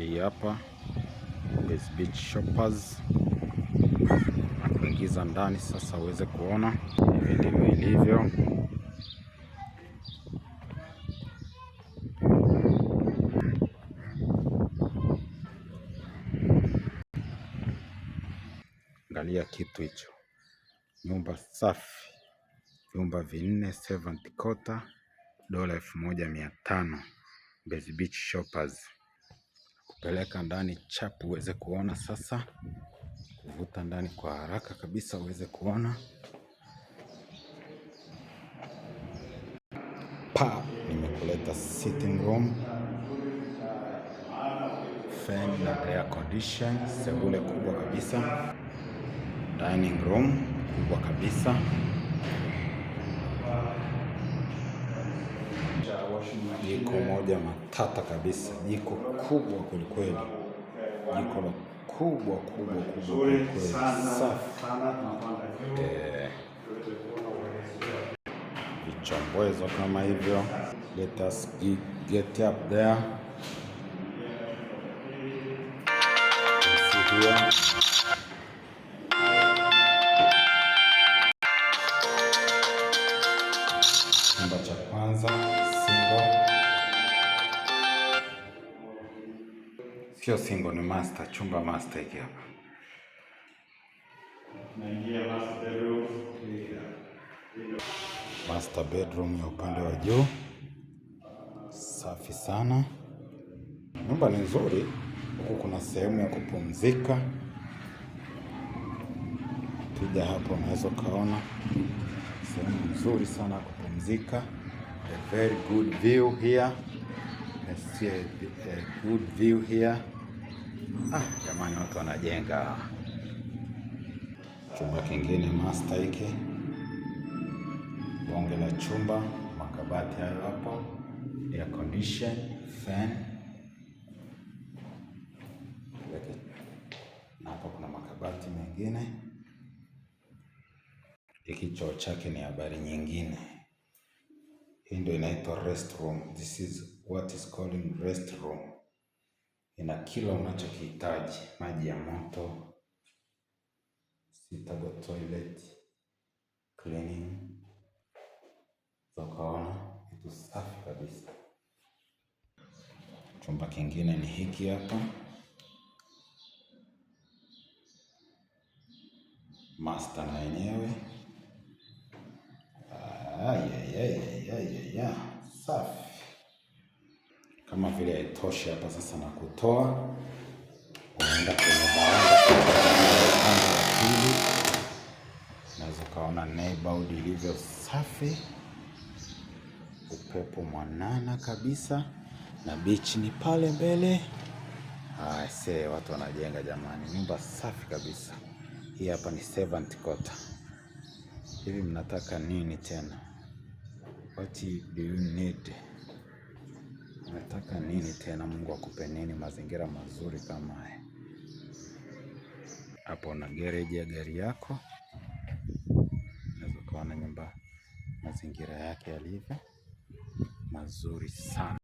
Hii hapa Mbezi Beach Shoppers, kuingiza ndani sasa uweze kuona hivi ndivyo ilivyo. Angalia kitu hicho, nyumba safi, vyumba vinne, seventh quarter, dola elfu moja mia tano Mbezi Beach Shoppers kupeleka ndani chap uweze kuona sasa, kuvuta ndani kwa haraka kabisa uweze kuona pa. Nimekuleta sitting room, fan na air condition, sebule kubwa kabisa, dining room kubwa kabisa. Jiko moja matata kabisa, jiko kubwa kwelikweli, jiko la kubwa kubwa kubwa kwelikweli, safi. Eh. Vichomboezo kama hivyo, let us get up there sio single, ni master, chumba master hiki hapa. Master bedroom ya upande wa juu, safi sana. Nyumba ni nzuri, huku kuna sehemu ya kupumzika. Ukija hapo unaweza ukaona sehemu nzuri sana ya kupumzika, a very good view here can see a, a good view here. Ah, jamani watu wanajenga chumba kingine master hiki, bonge la chumba, makabati hayo hapo, air condition, fan na hapo kuna makabati mengine. Hiki choo chake ni habari nyingine. Hii ndio inaitwa restroom. This is what is calling restroom. Ina kila unachokihitaji, maji ya moto, sitago toilet cleaning, ukaona kitu safi kabisa. Chumba kingine ni hiki hapa, master na yenyewe ya safi kama vile haitosha hapa. Sasa na kutoa, unaenda kwenye upande wa pili, unaweza ukaona neighborhood ilivyo safi, upepo mwanana kabisa, na beach ni pale mbele. se watu wanajenga jamani, nyumba safi kabisa. Hii hapa ni seventh quarter. Hivi mnataka nini tena? What do you need? Nataka nini tena? Mungu akupe nini? Mazingira mazuri kama haya. Hapo na gereji ya gari yako, unaweza kuona nyumba mazingira yake yalivyo mazuri sana.